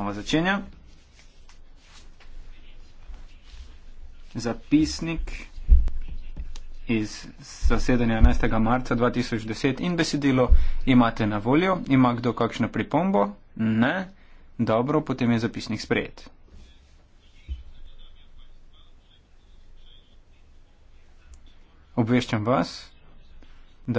Nova začenja. Zapisnik iz zasedanja 11. marca 2010 in besedilo imate na voljo. Ima kdo kakšno pripombo? Ne. Dobro, potem je zapisnik sprejet. Obveščam vas,